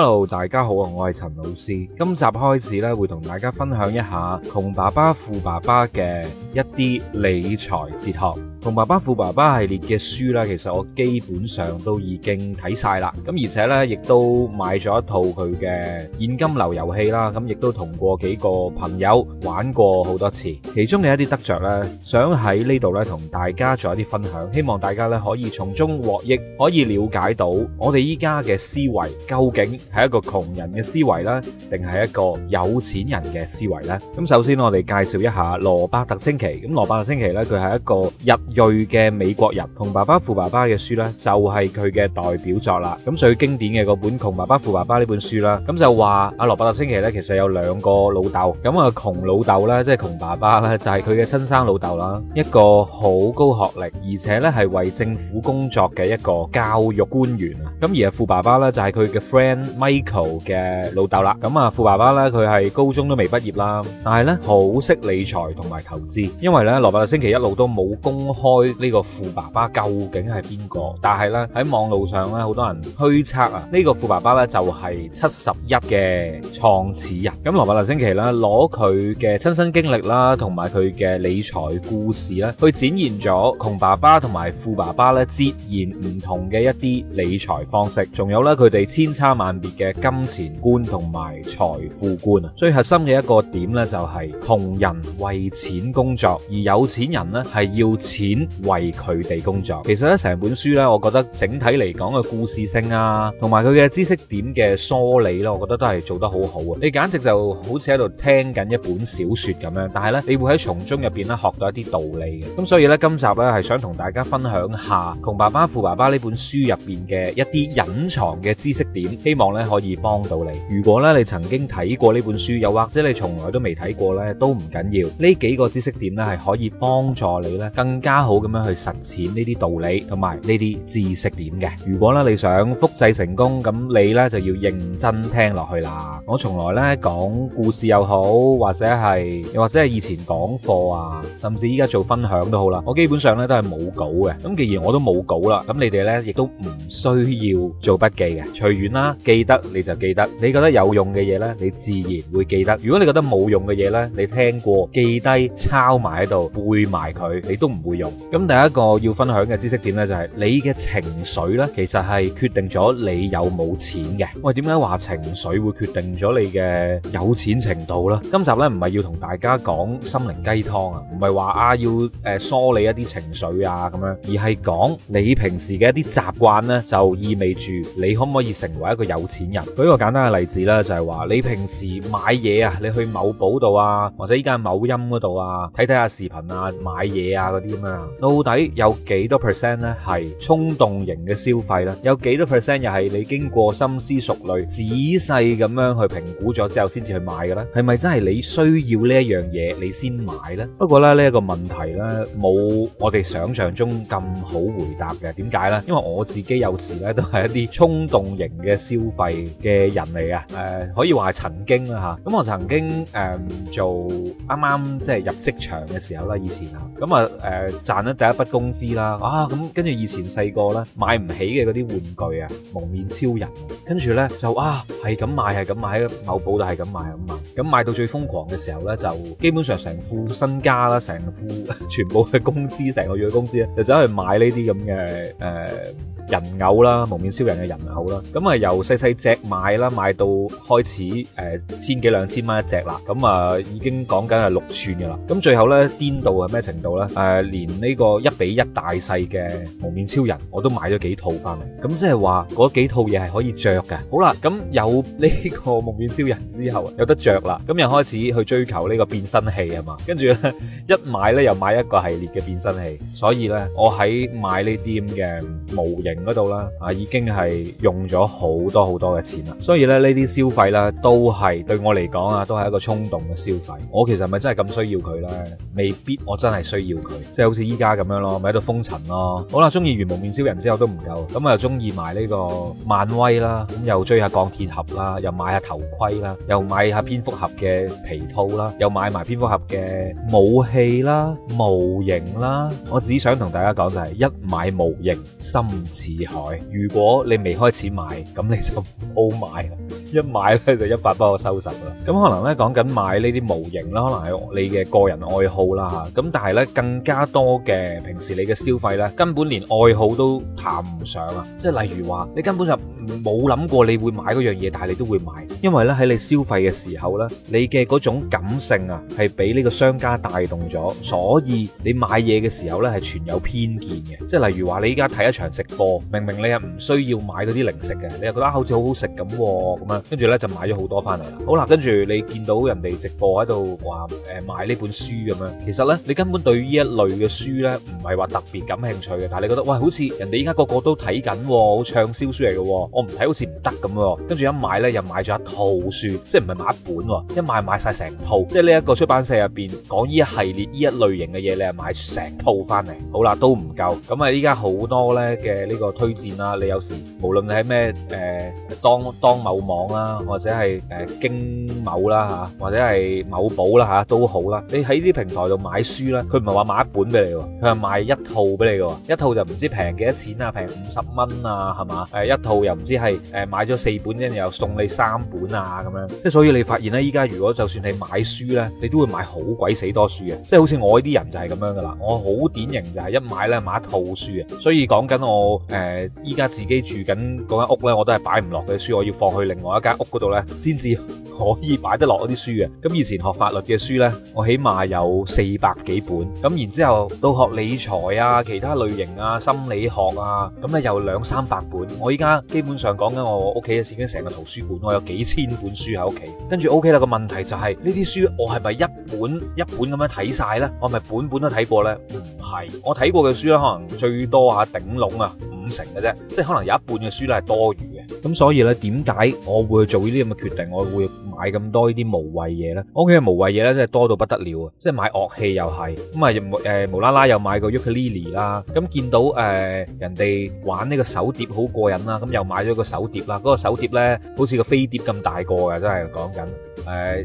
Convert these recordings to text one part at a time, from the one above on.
Hello，大家好啊，我係陳老師，今集開始咧會同大家分享一下窮爸爸富爸爸嘅一啲理財哲學。同爸爸富爸爸系列嘅書啦，其實我基本上都已經睇晒啦，咁而且呢，亦都買咗一套佢嘅現金流遊戲啦，咁亦都同過幾個朋友玩過好多次。其中嘅一啲得着呢，想喺呢度呢同大家做一啲分享，希望大家呢可以從中獲益，可以了解到我哋依家嘅思維究竟係一個窮人嘅思維呢，定係一個有錢人嘅思維呢？咁首先我哋介紹一下羅伯特清崎，咁羅伯特清崎呢，佢係一個日裔嘅美國人，《窮爸爸富爸爸》嘅書咧，就係佢嘅代表作啦。咁最經典嘅嗰本《窮爸爸富爸爸》呢本書啦，咁就話阿羅伯特星期咧，其實有兩個老豆。咁啊，窮老豆咧，即係窮爸爸咧，就係佢嘅親生老豆啦。一個好高學歷，而且咧係為政府工作嘅一個教育官員啊。咁而啊，富爸爸咧就係佢嘅 friend Michael 嘅老豆啦。咁啊，富爸爸咧佢係高中都未畢業啦，但係咧好識理財同埋投資，因為咧羅伯特星期一路都冇工。開呢個富爸爸究竟係邊個？但係咧喺網路上咧，好多人推測啊，呢、這個富爸爸咧就係七十一嘅創始人。咁、嗯、羅伯特·清崎啦，攞佢嘅親身經歷啦，同埋佢嘅理財故事啦，去展現咗窮爸爸同埋富爸爸咧截然唔同嘅一啲理財方式，仲有咧佢哋千差萬別嘅金錢觀同埋財富觀啊！最核心嘅一個點咧，就係、是、窮人為錢工作，而有錢人呢，係要錢。點為佢哋工作？其實咧成本書咧，我覺得整體嚟講嘅故事性啊，同埋佢嘅知識點嘅梳理咧，我覺得都係做得好好啊！你簡直就好似喺度聽緊一本小說咁樣，但係咧你會喺從中入邊咧學到一啲道理嘅。咁所以咧，今集咧係想同大家分享下《窮爸爸富爸爸》呢本書入邊嘅一啲隱藏嘅知識點，希望咧可以幫到你。如果咧你曾經睇過呢本書，又或者你從來都未睇過咧，都唔緊要。呢幾個知識點咧係可以幫助你咧更加好，咁樣去實踐呢啲道理同埋呢啲知識點嘅。如果咧你想複製成功，咁你咧就要認真聽落去啦。我從來咧講故事又好，或者係又或者係以前講課啊，甚至依家做分享都好啦，我基本上咧都係冇稿嘅。咁既然我都冇稿啦，咁你哋咧亦都唔需要做筆記嘅。隨緣啦，記得你就記得。你覺得有用嘅嘢咧，你自然會記得。如果你覺得冇用嘅嘢咧，你聽過，記低，抄埋喺度，背埋佢，你都唔會用。咁第一個要分享嘅知識點呢，就係、是、你嘅情緒呢，其實係決定咗你有冇錢嘅。喂，點解話情緒會決定咗你嘅有錢程度呢？今集呢，唔係要同大家講心靈雞湯啊，唔係話啊要誒、呃、梳理一啲情緒啊咁樣，而係講你平時嘅一啲習慣呢，就意味住你可唔可以成為一個有錢人。舉一個簡單嘅例子呢，就係、是、話你平時買嘢啊，你去某寶度啊，或者依家某音嗰度啊，睇睇下視頻啊，買嘢啊嗰啲咁啊。到底有幾多 percent 咧係衝動型嘅消費咧？有幾多 percent 又係你經過深思熟慮、仔細咁樣去評估咗之後先至去買嘅咧？係咪真係你需要呢一樣嘢你先買咧？不過咧呢一個問題咧冇我哋想象中咁好回答嘅，點解咧？因為我自己有時咧都係一啲衝動型嘅消費嘅人嚟、呃、啊，誒可以話係曾經啦吓，咁我曾經誒、呃、做啱啱即係入職場嘅時候啦，以前吓，咁啊誒。呃賺得第一筆工資啦，啊咁跟住以前細個咧買唔起嘅嗰啲玩具啊，蒙面超人，跟住咧就啊係咁買係咁買，某寶就係咁買咁買，咁買到最瘋狂嘅時候咧，就基本上成副身家啦，成副全部嘅工資，成個月嘅工資咧，就走去買呢啲咁嘅誒。呃人偶啦，幪面超人嘅人偶啦，咁、嗯、啊由細細隻買啦，買到開始誒、呃、千幾兩千蚊一隻啦，咁、嗯、啊已經講緊係六寸噶啦，咁、嗯、最後呢，癲到係咩程度呢？誒、呃、連呢個一比一大細嘅幪面超人我都買咗幾套翻嚟，咁即係話嗰幾套嘢係可以着嘅。好啦，咁有呢個幪面超人之後，有得着啦，咁、嗯、又開始去追求呢個變身器吖嘛，跟住咧一買呢，又買一個系列嘅變身器，所以呢，我喺買呢啲咁嘅模型。嗰度啦，啊，已經係用咗好多好多嘅錢啦，所以咧呢啲消費咧都係對我嚟講啊，都係一個衝動嘅消費。我其實係咪真係咁需要佢咧？未必我真係需要佢，即係好似依家咁樣咯，咪喺度封塵咯。好啦，中意完《蒙面超人》之後都唔夠，咁我又中意埋呢個漫威啦，咁又追下鋼鐵俠啦，又買下頭盔啦，又買下蝙蝠俠嘅皮套啦，又買埋蝙蝠俠嘅武器啦、模型啦。我只想同大家講就係，一買模型心。市海，如果你未開始買，咁你就唔好買。一買咧就一百幫我收拾啦。咁可能咧講緊買呢啲模型啦，可能係你嘅個人愛好啦。咁但係咧更加多嘅平時你嘅消費咧，根本連愛好都談唔上啊。即係例如話，你根本就冇諗過你會買嗰樣嘢，但係你都會買，因為咧喺你消費嘅時候咧，你嘅嗰種感性啊，係俾呢個商家帶動咗，所以你買嘢嘅時候咧係存有偏見嘅。即係例如話，你依家睇一場直播。明明你係唔需要買嗰啲零食嘅，你又覺得好似好好食咁咁啊，跟住咧就買咗好多翻嚟啦。好啦，跟住你見到人哋直播喺度話誒買呢本書咁樣，其實呢，你根本對呢一類嘅書呢，唔係話特別感興趣嘅，但係你覺得哇好似人哋依家個個都睇緊喎，好暢銷書嚟嘅喎，我唔睇好似唔得咁喎。跟住一買呢，又買咗一套書，即係唔係買一本喎？一買買晒成套，即係呢一個出版社入邊講呢一系列呢一類型嘅嘢，你係買成套翻嚟。好啦，都唔夠。咁啊，依家好多呢嘅呢個。我推薦啦，你有時無論你喺咩誒當當某網啦，或者係誒京某啦嚇，或者係某寶啦嚇都好啦。你喺啲平台度買書咧，佢唔係話買一本俾你喎，佢係買一套俾你嘅喎。一套就唔知平幾多錢啊，平五十蚊啊，係嘛？誒一套又唔知係誒買咗四本，跟住又送你三本啊咁樣。即係所以你發現咧，依家如果就算係買書咧，你都會買好鬼死多書啊。即係好似我呢啲人就係咁樣噶啦，我好典型就係一買咧買一套書啊。所以講緊我。誒依家自己住緊嗰間屋呢，我都係擺唔落去書，我要放去另外一間屋嗰度呢，先至可以擺得落嗰啲書嘅，咁以前學法律嘅書呢，我起碼有四百幾本，咁然之後到學理財啊、其他類型啊、心理學啊，咁咧有兩三百本。我依家基本上講緊我屋企已經成個圖書館，我有幾千本書喺屋企。跟住 OK 啦，個問題就係呢啲書我係咪一本一本咁樣睇晒呢？我係咪本本都睇過呢？唔係，我睇過嘅書咧，可能最多啊頂籠啊五成嘅啫，即係可能有一半嘅書咧係多餘。咁所以咧，點解我會做呢啲咁嘅決定？我會買咁多呢啲無謂嘢呢？我屋企嘅無謂嘢咧，真係多到不得了啊！即係買樂器又係，咁啊誒無啦啦、呃、又買個尤克里里啦。咁見到誒、呃、人哋玩呢個手碟好過癮啦，咁、啊、又買咗個手碟啦。嗰、啊嗰個手碟呢，好似個飛碟咁大個嘅，真係講緊誒。呃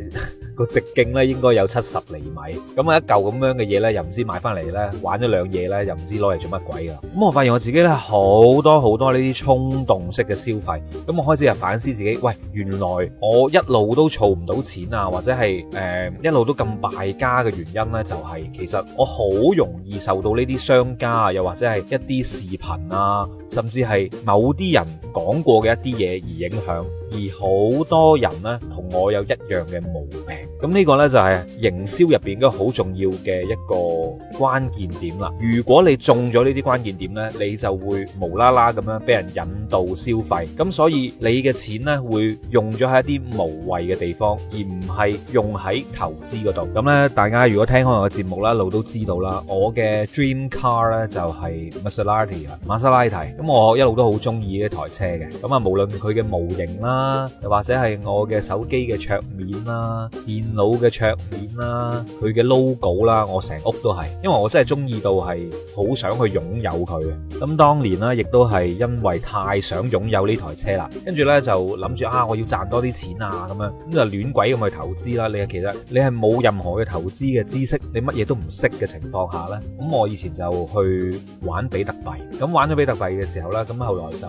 個直徑咧應該有七十厘米，咁啊一嚿咁樣嘅嘢咧，又唔知買翻嚟咧玩咗兩嘢，咧，又唔知攞嚟做乜鬼噶。咁我發現我自己咧好多好多呢啲衝動式嘅消費，咁我開始又反思自己，喂，原來我一路都儲唔到錢啊，或者係誒、呃、一路都咁敗家嘅原因咧，就係、是、其實我好容易受到呢啲商家啊，又或者係一啲視頻啊，甚至係某啲人講過嘅一啲嘢而影響。而好多人咧，同我有一樣嘅毛病。咁呢個呢，就係、是、營銷入邊一個好重要嘅一個關鍵點啦。如果你中咗呢啲關鍵點呢，你就會無啦啦咁樣俾人引導消費，咁所以你嘅錢呢，會用咗喺一啲無謂嘅地方，而唔係用喺投資嗰度。咁呢，大家如果聽開我嘅節目咧，一路都知道啦。我嘅 dream car 呢，就係 Maserati 啊，馬莎拉提。咁我一路都好中意呢台車嘅。咁啊，無論佢嘅模型啦，又或者係我嘅手機嘅桌面啦，腦嘅桌面啦，佢嘅 logo 啦，我成屋都係，因為我真係中意到係好想去擁有佢嘅。咁當年啦，亦都係因為太想擁有呢台車啦，跟住咧就諗住啊，我要賺多啲錢啊咁樣，咁就亂鬼咁去投資啦。你其實你係冇任何嘅投資嘅知識，你乜嘢都唔識嘅情況下咧，咁我以前就去玩比特幣，咁玩咗比特幣嘅時候咧，咁後來就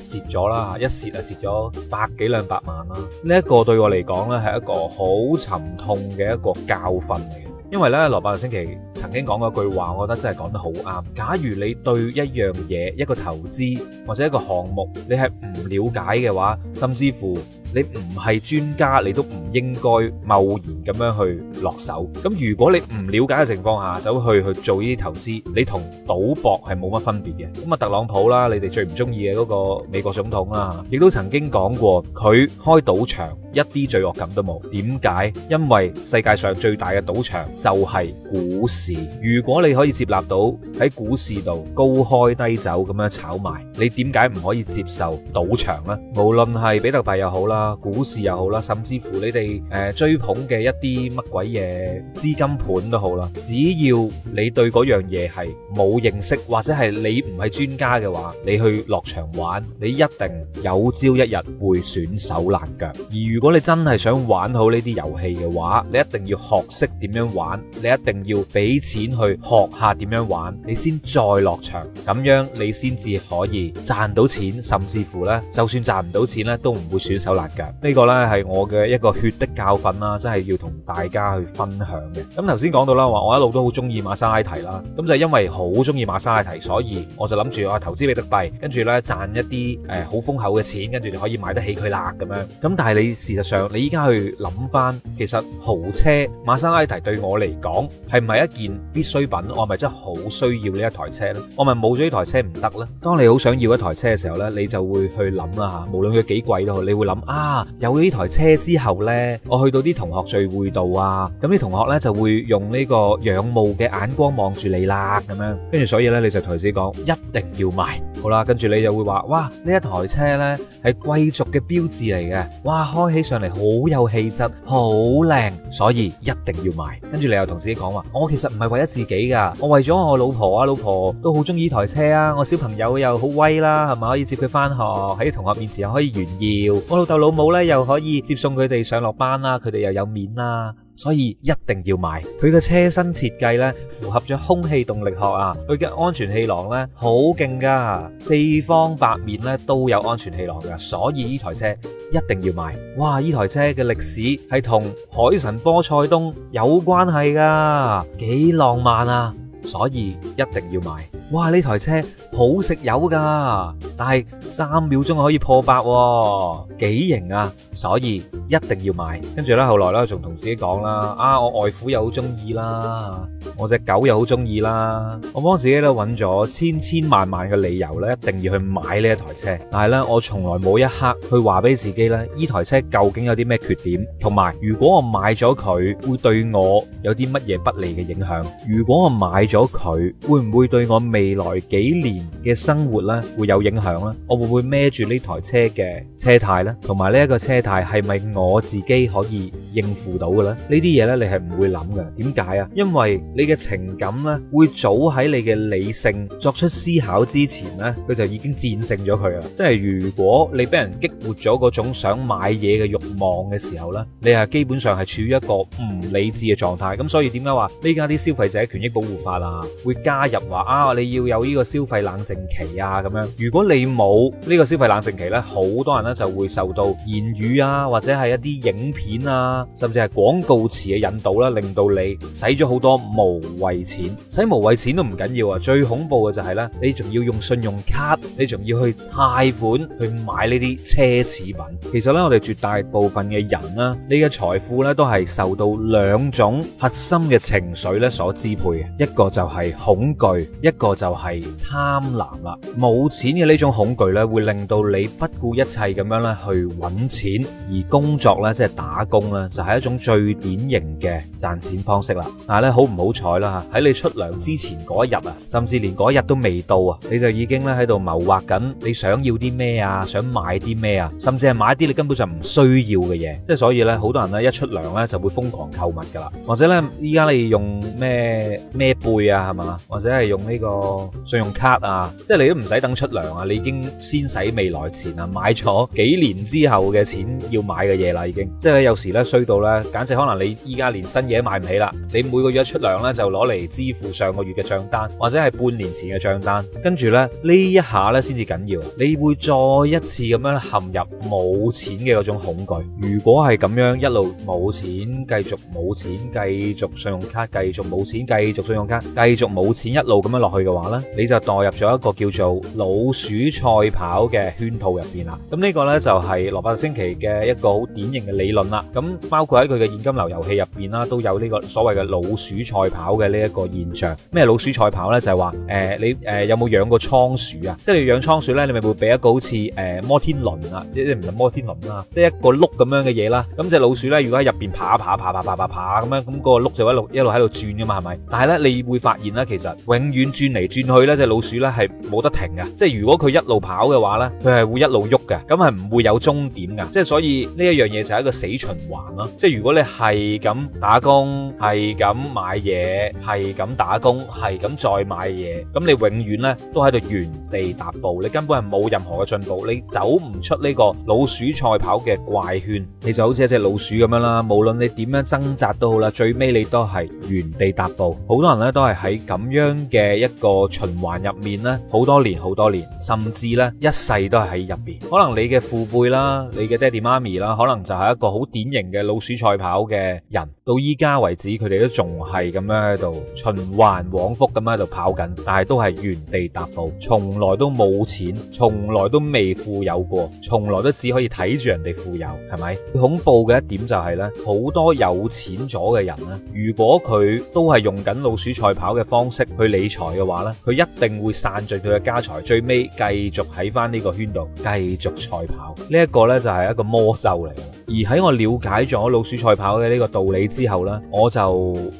蝕咗啦，一蝕啊蝕咗百幾兩百萬啦。呢一個對我嚟講咧係一個好沉。唔痛嘅一個教訓嚟因為咧羅伯特·清崎曾經講過一句話，我覺得真係講得好啱。假如你對一樣嘢、一個投資或者一個項目，你係唔了解嘅話，甚至乎。你唔係專家，你都唔應該貿然咁樣去落手。咁如果你唔了解嘅情況下，走去去做呢啲投資，你同賭博係冇乜分別嘅。咁啊，特朗普啦，你哋最唔中意嘅嗰個美國總統啦，亦都曾經講過，佢開賭場一啲罪惡感都冇。點解？因為世界上最大嘅賭場就係股市。如果你可以接納到喺股市度高開低走咁樣炒賣，你點解唔可以接受賭場呢？無論係比特幣又好啦。啊，股市又好啦，甚至乎你哋誒追捧嘅一啲乜鬼嘢資金盤都好啦，只要你對嗰樣嘢係冇認識，或者係你唔係專家嘅話，你去落場玩，你一定有朝一日會損手爛腳。而如果你真係想玩好呢啲遊戲嘅話，你一定要學識點樣玩，你一定要俾錢去學下點樣玩，你先再落場，咁樣你先至可以賺到錢，甚至乎咧，就算賺唔到錢咧，都唔會損手爛腳。呢個咧係我嘅一個血的教訓啦，真係要同大家去分享嘅。咁頭先講到啦，話我一路都好中意瑪莎拉蒂啦，咁就因為好中意瑪莎拉蒂，所以我就諗住我投資比特幣，跟住咧賺一啲誒好豐厚嘅錢，跟住就可以買得起佢啦咁樣。咁但係你事實上你依家去諗翻，其實豪車瑪莎拉蒂對我嚟講係唔係一件必需品？我係咪真係好需要呢一台車咧？我係咪冇咗呢台車唔得咧？當你好想要一台車嘅時候咧，你就會去諗啦吓，無論佢幾貴都好，你會諗啊。啊！有咗呢台車之後呢，我去到啲同學聚會度啊，咁啲同學呢，就會用呢個仰慕嘅眼光望住你啦，咁樣，跟住所以呢，你就同自己講，一定要買，好啦，跟住你又會話，哇！呢一台車呢，係貴族嘅標誌嚟嘅，哇！開起上嚟好有氣質，好靚，所以一定要買，跟住你又同自己講話，我其實唔係為咗自己噶，我為咗我老婆啊，老婆都好中意呢台車啊，我小朋友又好威啦、啊，係咪可以接佢翻學，喺同學面前又可以炫耀，我老豆老母咧又可以接送佢哋上落班啦，佢哋又有面啦，所以一定要買。佢嘅車身設計呢，符合咗空氣動力學啊，佢嘅安全氣囊呢，好勁噶，四方八面呢都有安全氣囊噶，所以呢台車一定要買。哇！呢台車嘅歷史係同海神波塞冬有關係噶，幾浪漫啊！所以一定要買。哇！呢台車。好食油㗎，但係三秒鐘可以破百喎，幾型啊！所以一定要買。跟住呢，後來呢，仲同自己講啦：，啊，我外父又好中意啦，我隻狗又好中意啦。我幫自己咧揾咗千千萬萬嘅理由呢，一定要去買呢一台車。但係呢，我從來冇一刻去話俾自己呢：「呢台車究竟有啲咩缺點，同埋如果我買咗佢會對我有啲乜嘢不利嘅影響？如果我買咗佢會唔會對我未來幾年？嘅生活咧會有影響啦，我會唔會孭住呢台車嘅車貸咧？同埋呢一個車貸係咪我自己可以應付到嘅啦，呢啲嘢呢，你係唔會諗嘅，點解啊？因為你嘅情感呢，會早喺你嘅理性作出思考之前呢，佢就已經戰勝咗佢啦。即係如果你俾人激活咗嗰種想買嘢嘅欲望嘅時候呢，你係基本上係處於一個唔理智嘅狀態。咁所以點解話呢家啲消費者權益保護法啊會加入話啊你要有呢個消費冷靜期啊咁樣？如果你冇呢個消費冷靜期呢，好多人呢就會受到言語啊或者係一啲影片啊。甚至係廣告詞嘅引導啦，令到你使咗好多無謂錢，使無謂錢都唔緊要啊！最恐怖嘅就係呢，你仲要用信用卡，你仲要去貸款去買呢啲奢侈品。其實呢，我哋絕大部分嘅人啦，你嘅財富呢，都係受到兩種核心嘅情緒呢所支配嘅，一個就係恐懼，一個就係貪婪啦。冇錢嘅呢種恐懼呢，會令到你不顧一切咁樣呢去揾錢，而工作呢，即係打工啦。就係一種最典型嘅賺錢方式啦。但係咧，好唔好彩啦嚇？喺你出糧之前嗰一日啊，甚至連嗰一日都未到啊，你就已經咧喺度謀劃緊你想要啲咩啊，想買啲咩啊，甚至係買啲你根本就唔需要嘅嘢。即係所以咧，好多人咧一出糧咧就會瘋狂購物噶啦。或者咧，依家你用咩咩背啊，係嘛？或者係用呢個信用卡啊，即係你都唔使等出糧啊，你已經先使未來錢啊，買咗幾年之後嘅錢要買嘅嘢啦，已經。即係有時咧。追到咧，簡直可能你依家連新嘢都買唔起啦！你每個月一出糧咧，就攞嚟支付上個月嘅賬單，或者係半年前嘅賬單。跟住咧，呢一下咧先至緊要，你會再一次咁樣陷入冇錢嘅嗰種恐懼。如果係咁樣一路冇錢，繼續冇錢，繼續信用卡，繼續冇錢，繼續信用卡，繼續冇錢，一路咁樣落去嘅話咧，你就墮入咗一個叫做老鼠賽跑嘅圈套入邊啦。咁呢個咧就係羅伯特·清崎嘅一個好典型嘅理論啦。咁包括喺佢嘅現金流遊戲入邊啦，都有呢個所謂嘅老鼠賽跑嘅呢一個現象。咩老鼠賽跑呢？就係話誒，你誒、呃、有冇養過倉鼠啊？即係你養倉鼠呢，你咪會俾一個好似誒、呃、摩天輪啊，一唔係摩天輪啦，即係一個碌咁樣嘅嘢啦。咁隻老鼠呢，如果喺入邊爬爬、爬啊爬爬爬咁樣，咁個碌就一路一路喺度轉噶嘛，係咪？但係呢，你會發現呢，其實永遠轉嚟轉去呢隻老鼠呢，係冇得停嘅。即係如果佢一路跑嘅話呢，佢係會一路喐嘅，咁係唔會有終點噶。即係所以呢一樣嘢就係一個死循環。即係如果你係咁打工，係咁買嘢，係咁打工，係咁再買嘢，咁你永遠呢都喺度原地踏步，你根本係冇任何嘅進步，你走唔出呢個老鼠賽跑嘅怪圈，你就好似一隻老鼠咁樣啦，無論你點樣掙扎都好啦，最尾你都係原地踏步。好多人呢都係喺咁樣嘅一個循環入面，呢好多年，好多年，甚至呢一世都係喺入邊。可能你嘅父輩啦，你嘅爹哋媽咪啦，可能就係一個好典型嘅。老鼠賽跑嘅人，到依家為止，佢哋都仲係咁樣喺度循環往復咁樣喺度跑緊，但係都係原地踏步，從來都冇錢，從來都未富有過，從來都只可以睇住人哋富有，係咪？恐怖嘅一點就係、是、咧，好多有錢咗嘅人咧，如果佢都係用緊老鼠賽跑嘅方式去理財嘅話咧，佢一定會散盡佢嘅家財，最尾繼續喺翻呢個圈度繼續賽跑。這個、呢一個咧就係、是、一個魔咒嚟，而喺我了解咗，我老鼠賽跑嘅呢個道理之後呢，我就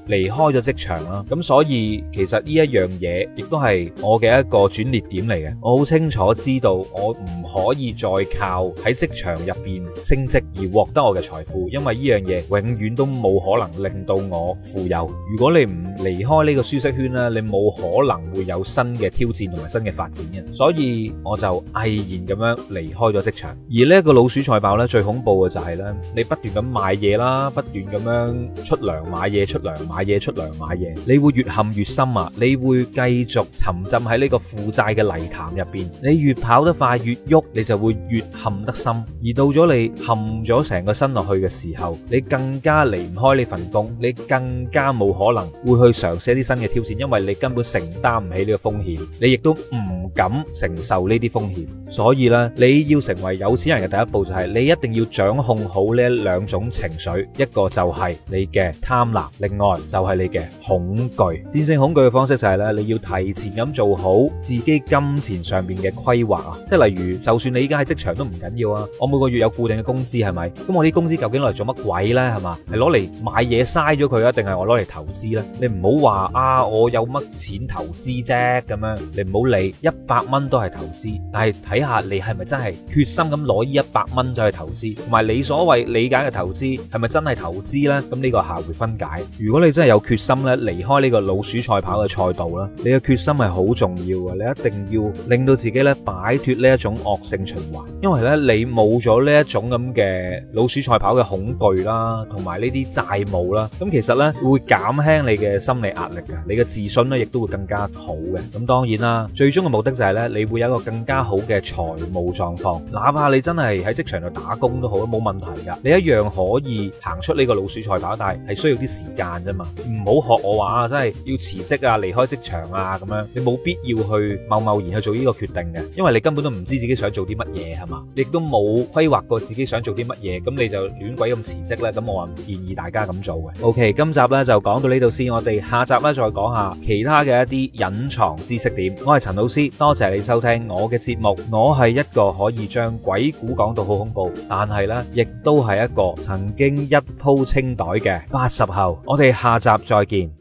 離開咗職場啦。咁所以其實呢一樣嘢亦都係我嘅一個轉捩點嚟嘅。我好清楚知道我唔可以再靠喺職場入邊升職而獲得我嘅財富，因為呢樣嘢永遠都冇可能令到我富有。如果你唔離開呢個舒適圈啦，你冇可能會有新嘅挑戰同埋新嘅發展嘅，所以我就毅然咁樣離開咗職場。而呢個老鼠賽跑咧，最恐怖嘅就係咧，你不斷咁買嘢啦，不斷咁樣出糧買嘢，出糧買嘢，出糧買嘢，你會越陷越深啊！你會繼續沉浸喺呢個負債嘅泥潭入邊，你越跑得快越喐，你就會越陷得深。而到咗你陷咗成個身落去嘅時候，你更加離唔開呢份工，你更加冇可能會去。去嘗試一啲新嘅挑戰，因為你根本承擔唔起呢個風險，你亦都唔敢承受呢啲風險，所以咧，你要成為有錢人嘅第一步就係你一定要掌控好呢兩種情緒，一個就係你嘅貪婪，另外就係你嘅恐懼。戰勝恐懼嘅方式就係咧，你要提前咁做好自己金錢上面嘅規劃啊，即係例如，就算你依家喺職場都唔緊要啊，我每個月有固定嘅工資係咪？咁我啲工資究竟攞嚟做乜鬼咧？係嘛，係攞嚟買嘢嘥咗佢啊，定係我攞嚟投資咧？你？唔好話啊！我有乜錢投資啫。咁樣，你唔好理，一百蚊都係投資，但係睇下你係咪真係決心咁攞呢一百蚊就去投資，同埋你所謂理解嘅投資係咪真係投資呢？咁呢個下回分解。如果你真係有決心咧，離開呢個老鼠賽跑嘅賽道啦，你嘅決心係好重要嘅，你一定要令到自己咧擺脫呢一種惡性循環，因為咧你冇咗呢一種咁嘅老鼠賽跑嘅恐懼啦，同埋呢啲債務啦，咁其實呢會減輕你嘅。心理壓力嘅，你嘅自信咧亦都會更加好嘅。咁當然啦，最終嘅目的就係咧，你會有一個更加好嘅財務狀況。哪怕你真係喺職場度打工都好，都冇問題噶，你一樣可以行出呢個老鼠賽跑，但係需要啲時間啫嘛。唔好學我話啊，真係要辭職啊，離開職場啊咁樣，你冇必要去貿貿然去做呢個決定嘅，因為你根本都唔知自己想做啲乜嘢係嘛，亦都冇規劃過自己想做啲乜嘢，咁你就亂鬼咁辭職咧，咁我話唔建議大家咁做嘅。OK，今集咧就講到呢度先，我哋。下集咧再講下其他嘅一啲隱藏知識點。我係陳老師，多謝你收聽我嘅節目。我係一個可以將鬼故講到好恐怖，但係咧亦都係一個曾經一鋪清袋嘅八十後。我哋下集再見。